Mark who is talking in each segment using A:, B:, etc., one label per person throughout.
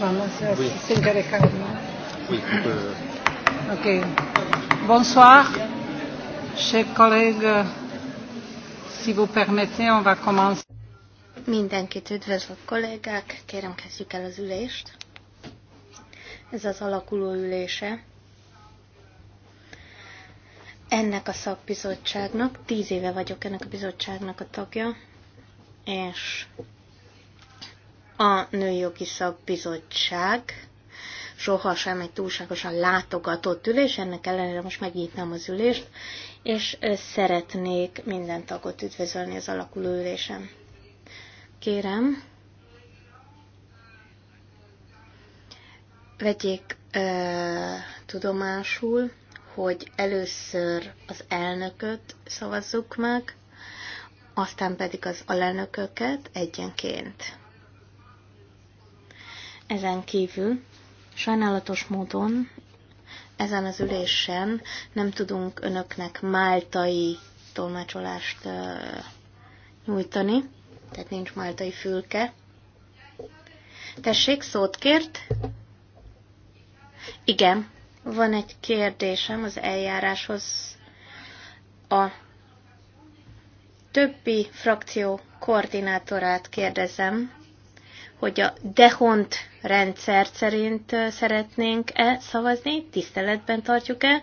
A: passer. oui. Ok. Bonsoir,
B: chers collègues. Si vous permettez, on va commencer. Mindenkit üdvözlök kollégák, kérem kezdjük el az ülést. Ez az alakuló ülése. Ennek a szakbizottságnak, tíz éve vagyok ennek a bizottságnak a tagja, és a Nőjogi Szakbizottság sohasem egy túlságosan látogatott ülés, ennek ellenére most megnyitnám az ülést, és szeretnék minden tagot üdvözölni az alakuló ülésem. Kérem, vegyék e, tudomásul, hogy először az elnököt szavazzuk meg, aztán pedig az alelnököket egyenként. Ezen kívül sajnálatos módon ezen az ülésen nem tudunk önöknek máltai tolmácsolást nyújtani, tehát nincs máltai fülke. Tessék, szót kért? Igen, van egy kérdésem az eljáráshoz. A többi frakció koordinátorát kérdezem, hogy a dehont rendszer szerint szeretnénk-e szavazni, tiszteletben tartjuk-e,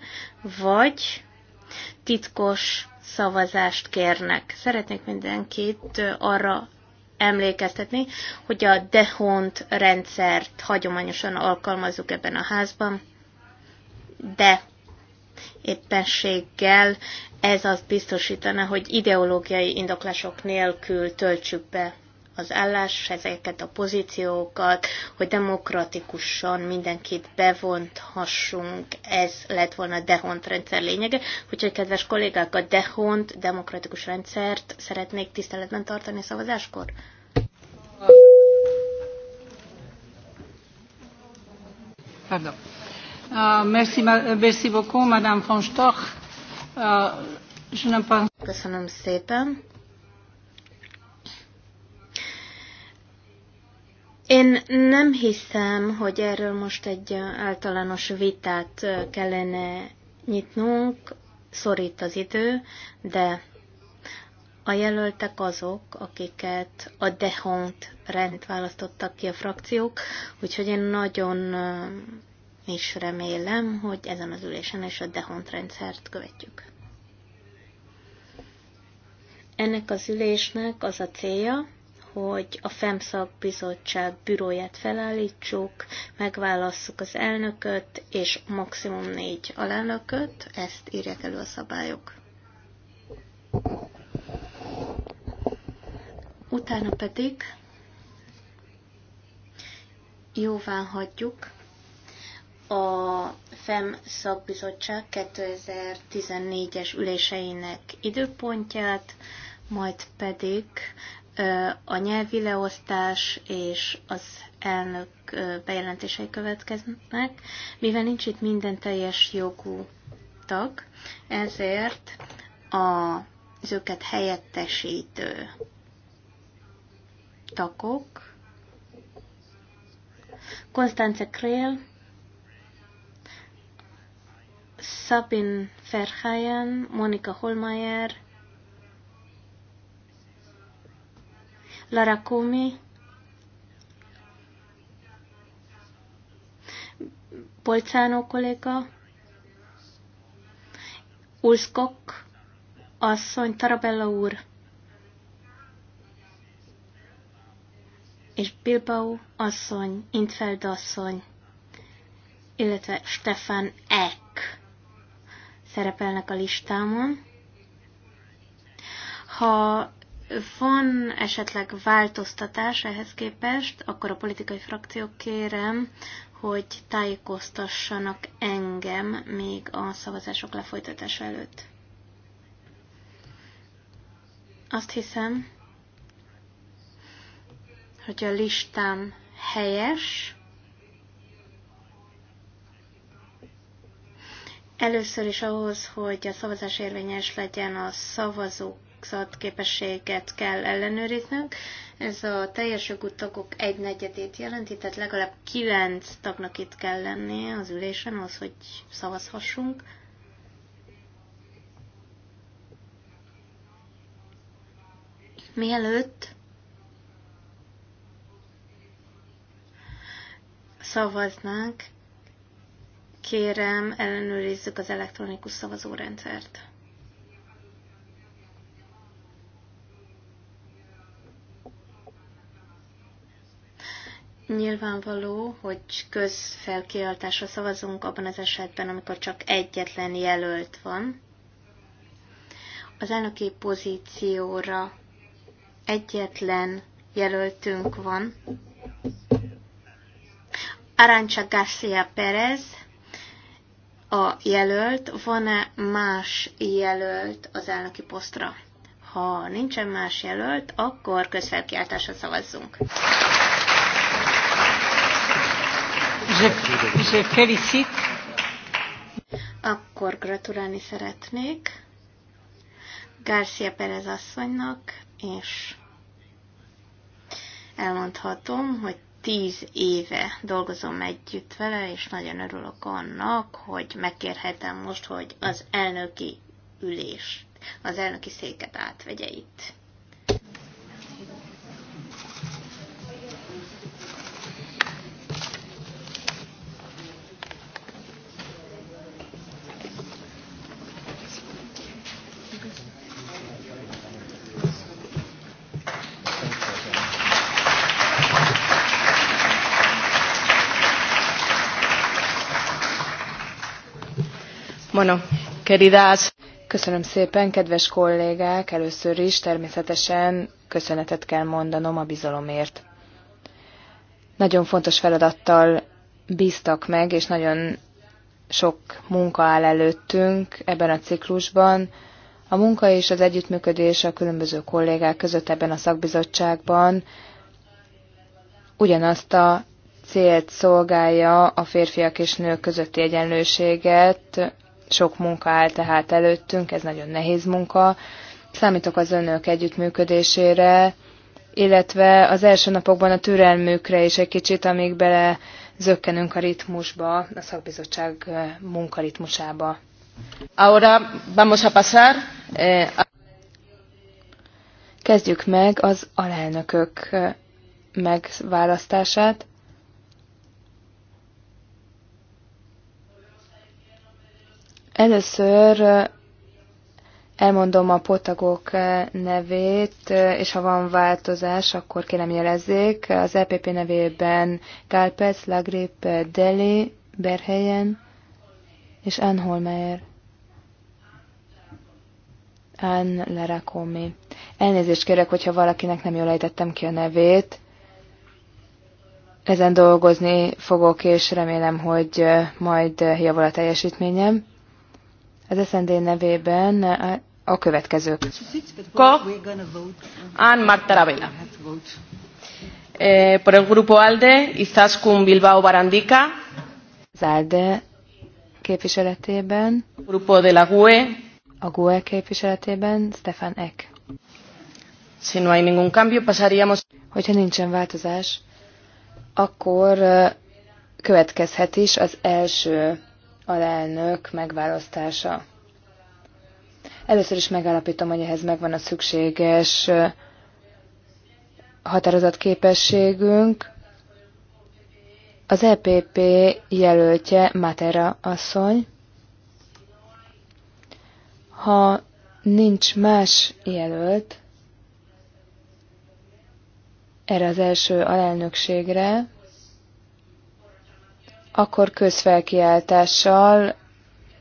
B: vagy titkos szavazást kérnek. Szeretnék mindenkit arra emlékeztetni, hogy a dehont rendszert hagyományosan alkalmazzuk ebben a házban, de éppenséggel ez azt biztosítana, hogy ideológiai indoklások nélkül töltsük be az állás, ezeket a pozíciókat, hogy demokratikusan mindenkit bevonthassunk, ez lett volna a Dehont rendszer lényege. Úgyhogy, kedves kollégák, a Dehont demokratikus rendszert szeretnék tiszteletben tartani a szavazáskor.
A: Pardon. Uh, merci, merci beaucoup, Madame von Stoch. Uh,
B: ah, Köszönöm szépen. Én nem hiszem, hogy erről most egy általános vitát kellene nyitnunk, szorít az idő, de a jelöltek azok, akiket a Dehont rend választottak ki a frakciók, úgyhogy én nagyon is remélem, hogy ezen az ülésen is a Dehont rendszert követjük. Ennek az ülésnek az a célja, hogy a FEMSZAG bizottság büróját felállítsuk, megválasszuk az elnököt, és maximum négy alelnököt, ezt írják elő a szabályok. Utána pedig jóvá hagyjuk a FEM szakbizottság 2014-es üléseinek időpontját, majd pedig a nyelvi leosztás és az elnök bejelentései következnek, mivel nincs itt minden teljes jogú tag, ezért a, az őket helyettesítő tagok Konstance Krél, Sabin Ferhelyen, Monika Holmeyer, Lara Kumi Polcánó kolléga, Ulskok, asszony, Tarabella úr, és Bilbao asszony, Intfeld asszony, illetve Stefan Eck szerepelnek a listámon. Ha van esetleg változtatás ehhez képest, akkor a politikai frakciók kérem, hogy tájékoztassanak engem még a szavazások lefolytatása előtt. Azt hiszem, hogy a listám helyes. Először is ahhoz, hogy a szavazás érvényes legyen a szavazók szavazat képességet kell ellenőriznünk. Ez a teljes jogú tagok egynegyedét jelenti, tehát legalább kilenc tagnak itt kell lennie az ülésen, az, hogy szavazhassunk. Mielőtt szavaznánk, kérem, ellenőrizzük az elektronikus szavazórendszert. Nyilvánvaló, hogy közfelkiáltásra szavazunk abban az esetben, amikor csak egyetlen jelölt van. Az elnöki pozícióra egyetlen jelöltünk van. Arancsa Garcia Perez a jelölt, van-e más jelölt az elnöki posztra? Ha nincsen más jelölt, akkor közfelkiáltásra szavazzunk. Je, Akkor gratulálni szeretnék Garcia Perez asszonynak, és elmondhatom, hogy tíz éve dolgozom együtt vele, és nagyon örülök annak, hogy megkérhetem most, hogy az elnöki ülést, az elnöki széket átvegye itt.
C: Bueno, queridas. Köszönöm szépen, kedves kollégák! Először is természetesen köszönetet kell mondanom a bizalomért. Nagyon fontos feladattal bíztak meg, és nagyon sok munka áll előttünk ebben a ciklusban. A munka és az együttműködés a különböző kollégák között ebben a szakbizottságban ugyanazt a célt szolgálja a férfiak és nők közötti egyenlőséget, sok munka áll tehát előttünk, ez nagyon nehéz munka. Számítok az önök együttműködésére, illetve az első napokban a türelmükre is egy kicsit, amíg bele zökkenünk a ritmusba, a szakbizottság munkaritmusába. Ahora vamos a pasar. Eh, Kezdjük meg az alelnökök megválasztását. Először elmondom a potagok nevét, és ha van változás, akkor kérem jelezzék. Az EPP nevében Kálpec, Lagrip, Deli, Berhelyen és Anholmeyer. Ann Lerakomi. Elnézést kérek, hogyha valakinek nem jól ejtettem ki a nevét. Ezen dolgozni fogok, és remélem, hogy majd javul a teljesítményem az SND nevében a következők. Koch, Ann Martarabella. Eh, por el grupo ALDE, Izaskun Bilbao Barandika. Az ALDE képviseletében. Grupo de la GUE. A GUE képviseletében Stefan Eck. Si no hay ningún cambio, pasaríamos... Hogyha nincsen változás, akkor eh, következhet is az első alelnök megválasztása. Először is megállapítom, hogy ehhez megvan a szükséges határozatképességünk. Az EPP jelöltje Matera asszony. Ha nincs más jelölt erre az első alelnökségre, akkor közfelkiáltással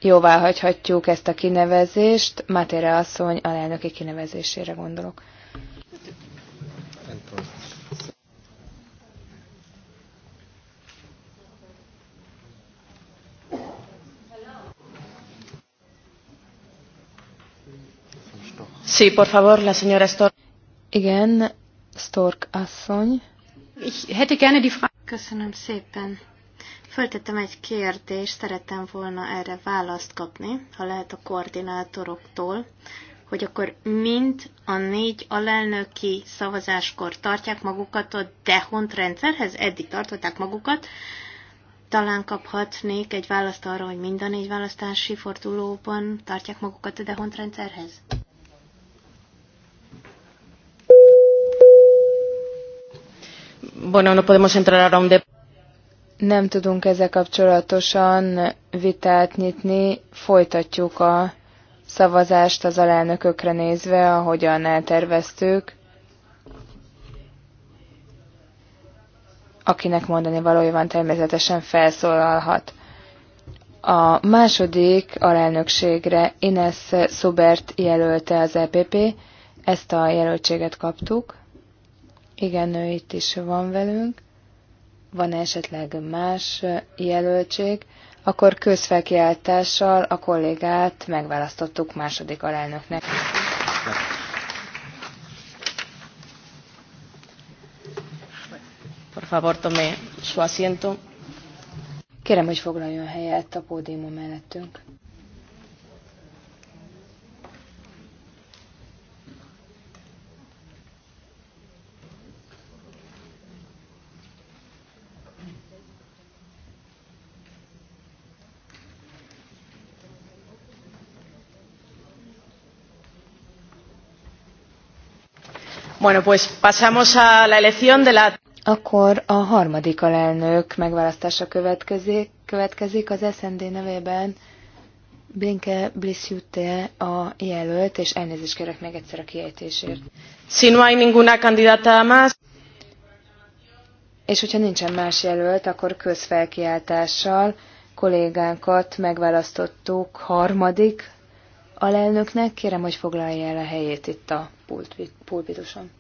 C: jóvá hagyhatjuk ezt a kinevezést. Matére asszony alelnöki kinevezésére gondolok. Sí, por favor, la señora Stork. Igen, Stork
B: asszony. Ich hätte gerne die Frage. Köszönöm szépen. Föltettem egy kérdést, szerettem volna erre választ kapni, ha lehet a koordinátoroktól, hogy akkor mind a négy alelnöki szavazáskor tartják magukat a dehont rendszerhez, eddig tartották magukat, talán kaphatnék egy választ arra, hogy mind a négy választási fordulóban tartják magukat a dehont rendszerhez?
C: Bueno, no podemos entrar a un debate nem tudunk ezzel kapcsolatosan vitát nyitni, folytatjuk a szavazást az alelnökökre nézve, ahogyan elterveztük. Akinek mondani valója van, természetesen felszólalhat. A második alelnökségre Ines Szubert jelölte az EPP, ezt a jelöltséget kaptuk. Igen, ő itt is van velünk van -e esetleg más jelöltség, akkor közfelkiáltással a kollégát megválasztottuk második alelnöknek. Por favor, tome su asiento. Kérem, hogy foglaljon helyet a pódium mellettünk. a Akkor a harmadik alelnök megválasztása következik, az SND nevében. Blinke Blisjute a jelölt, és elnézést kérek még egyszer a kiejtésért. Si no hay ninguna candidata más. És hogyha nincsen más jelölt, akkor közfelkiáltással kollégánkat megválasztottuk harmadik alelnöknek. Kérem, hogy foglalja el a helyét itt a pulpituson.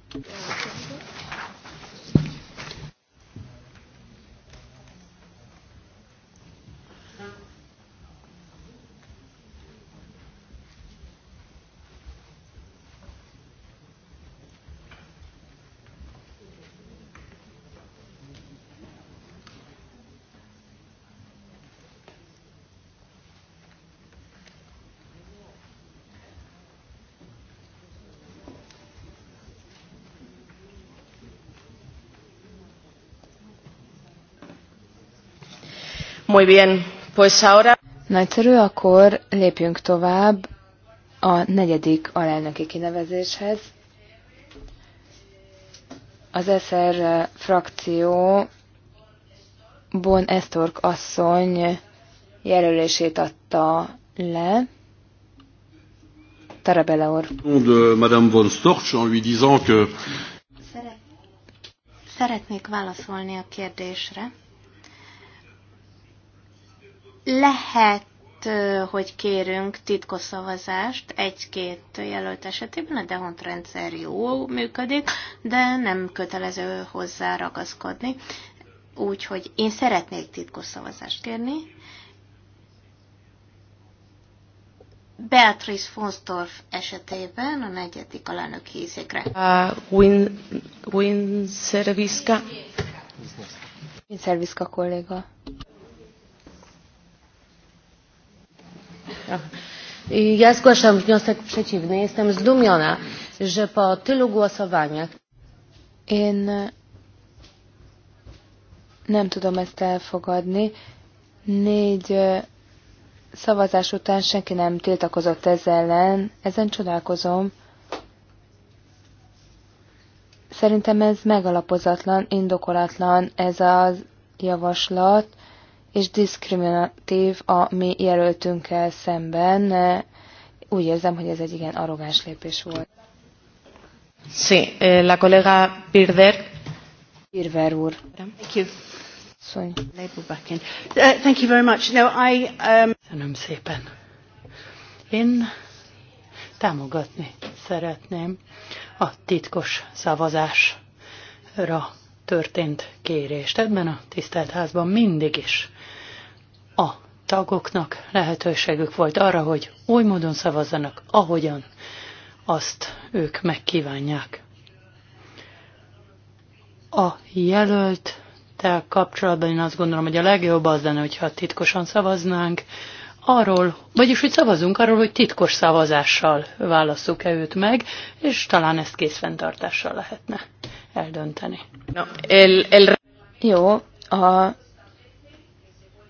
C: Muy bien, pues ahora... Nagyszerű, akkor lépjünk tovább a negyedik alelnöki kinevezéshez. Az SR frakció Bon Estork asszony jelölését adta le. Tarabella úr.
A: Madame von Storch,
B: Szeretnék válaszolni a kérdésre lehet, hogy kérünk titkos szavazást egy-két jelölt esetében, a dehont rendszer jó működik, de nem kötelező hozzá ragaszkodni. Úgyhogy én szeretnék titkos szavazást kérni. Beatrice Fonsdorf esetében a negyedik alelnök hízékre.
C: A Win, Win Serviska. Win Serviska kolléga. Ja zgłaszam wniosek przeciwny. Jestem zdumiona, że po tylu głosowaniach. Én nem tudom ezt elfogadni. Négy szavazás után senki nem tiltakozott ez ellen. Ezen csodálkozom. Szerintem ez megalapozatlan, indokolatlan ez a javaslat és diszkriminatív a mi jelöltünkkel szemben. Úgy érzem, hogy ez egy igen arrogáns lépés volt. Sí, eh, la kollega Birder. Birver úr. Thank you. Uh, Thank you very
A: much. Now I, um... Köszönöm szépen. Én támogatni szeretném a titkos szavazásra történt kérést. Ebben a tisztelt házban mindig is a tagoknak lehetőségük volt arra, hogy oly módon szavazzanak, ahogyan azt ők megkívánják. A jelölttel kapcsolatban én azt gondolom, hogy a legjobb az lenne, hogyha titkosan szavaznánk, arról, vagyis hogy szavazunk arról, hogy titkos szavazással válasszuk-e őt meg, és talán ezt készfenntartással lehetne eldönteni.
C: No, el, el... Jó, a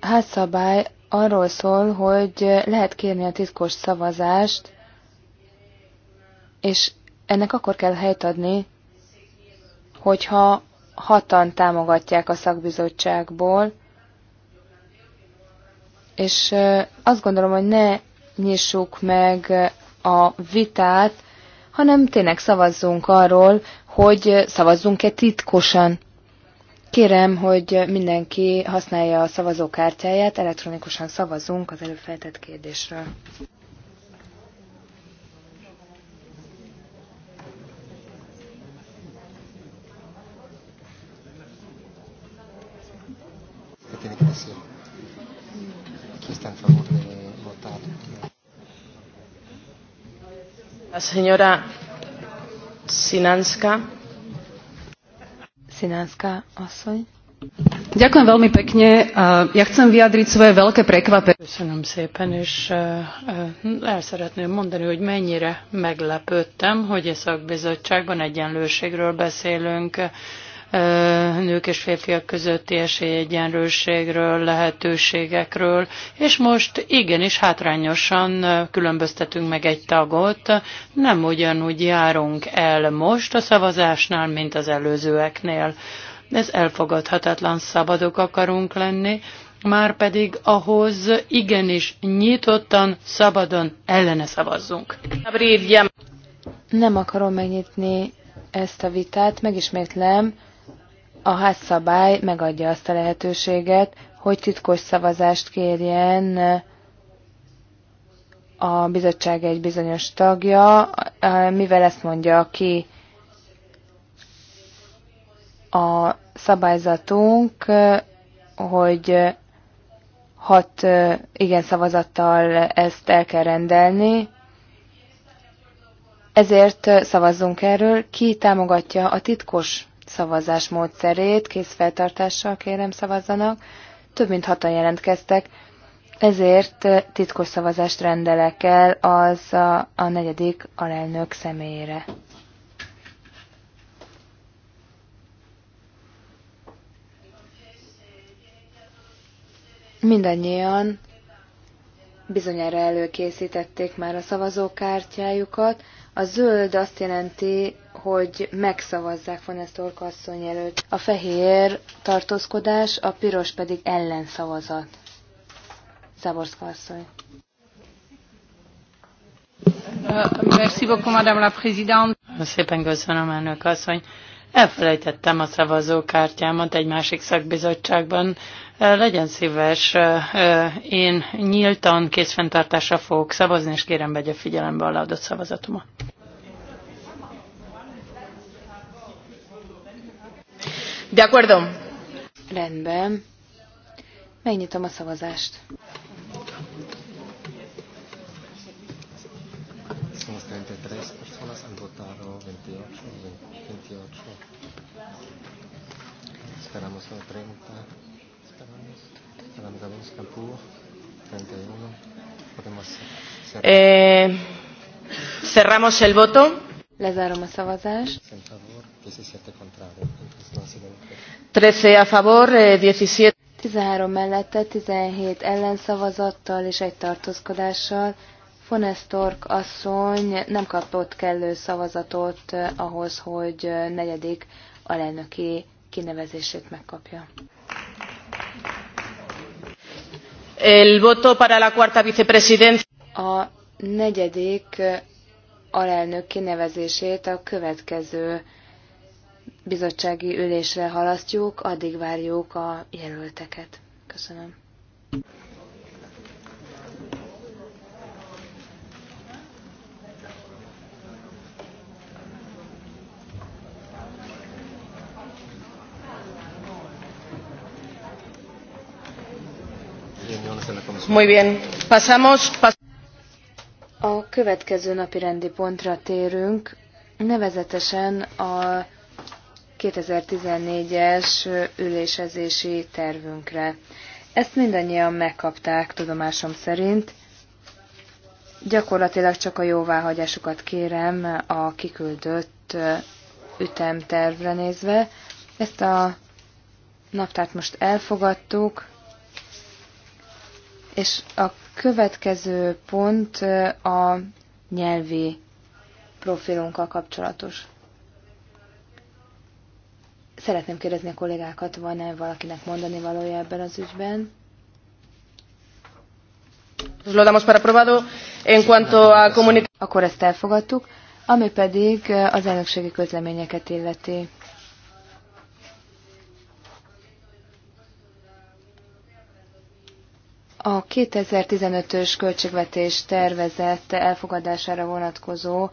C: házszabály arról szól, hogy lehet kérni a titkos szavazást, és ennek akkor kell helyt adni, hogyha hatan támogatják a szakbizottságból, és azt gondolom, hogy ne nyissuk meg a vitát, hanem tényleg szavazzunk arról, hogy szavazzunk-e titkosan. Kérem, hogy mindenki használja a szavazókártyáját, elektronikusan szavazunk az előfeltett feltett kérdésről.
A: La señora Sinanska. Sinanska asszony. Ďakujem veľmi pekne. Ja chcem vyjadriť svoje veľké prekvapenie. Köszönöm szépen, és el szeretném mondani, hogy mennyire meglepődtem, hogy a szakbizottságban egyenlőségről beszélünk nők és férfiak közötti esélyegyenlőségről, lehetőségekről, és most igenis hátrányosan különböztetünk meg egy tagot, nem ugyanúgy járunk el most a szavazásnál, mint az előzőeknél. Ez elfogadhatatlan szabadok akarunk lenni, már pedig ahhoz igenis nyitottan, szabadon ellene
C: szavazzunk. Nem akarom megnyitni ezt a vitát, megismétlem, a házszabály megadja azt a lehetőséget, hogy titkos szavazást kérjen a bizottság egy bizonyos tagja, mivel ezt mondja ki a szabályzatunk, hogy hat igen szavazattal ezt el kell rendelni, ezért szavazzunk erről, ki támogatja a titkos szavazás módszerét, készfeltartással kérem szavazzanak. Több mint hatan jelentkeztek, ezért eh, titkos szavazást rendelek el az a, a negyedik alelnök személyére. Mindannyian bizonyára előkészítették már a szavazókártyájukat. A zöld azt jelenti, hogy megszavazzák von ezt orkasszony előtt. A fehér tartózkodás, a piros pedig ellenszavazat. Zaborszka asszony. Uh,
A: merci beaucoup, Madame la Présidente. Szépen köszönöm, elnök asszony. Elfelejtettem a szavazókártyámat egy másik szakbizottságban. Uh, legyen szíves, uh, én nyíltan készfenntartásra fogok szavazni, és kérem vegye figyelembe a leadott szavazatomat.
C: De acuerdo. Rendben. Megnyitom a szavazást.
B: Esperamos a 30. Esperamos. Esperamos a 31. Podemos cerrar. Eh, cerramos el voto.
C: Lezárom a szavazást. 13 a favor, 17. Eh, 13 mellette, 17 ellenszavazattal és egy tartózkodással. Fonestork asszony nem kapott kellő szavazatot eh, ahhoz, hogy eh, negyedik alelnöki kinevezését megkapja. El voto para la cuarta vicepresidencia. A negyedik alelnök kinevezését a következő bizottsági ülésre halasztjuk, addig várjuk a jelölteket. Köszönöm. Muy bien. Pasamos. Pas következő napi rendi pontra térünk, nevezetesen a 2014-es ülésezési tervünkre. Ezt mindannyian megkapták, tudomásom szerint. Gyakorlatilag csak a jóváhagyásukat kérem a kiküldött ütemtervre nézve. Ezt a naptárt most elfogadtuk, és a következő pont a nyelvi profilunkkal kapcsolatos. Szeretném kérdezni a kollégákat, van-e valakinek mondani valója ebben az ügyben? para En a Akkor ezt elfogadtuk, ami pedig az elnökségi közleményeket illeti. A 2015-ös költségvetés tervezett elfogadására vonatkozó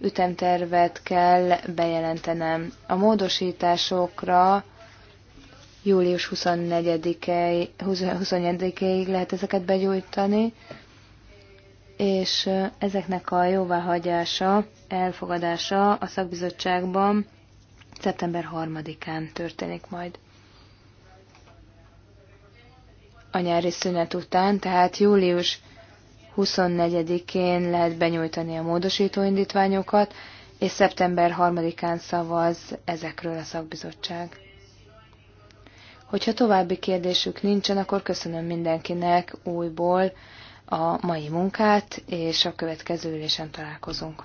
C: ütemtervet kell bejelentenem. A módosításokra július 24-ig lehet ezeket begyújtani, és ezeknek a jóváhagyása, elfogadása a szakbizottságban szeptember 3-án történik majd a nyári szünet után, tehát július 24-én lehet benyújtani a módosító indítványokat, és szeptember 3-án szavaz ezekről a szakbizottság. Hogyha további kérdésük nincsen, akkor köszönöm mindenkinek újból a mai munkát, és a következő ülésen találkozunk.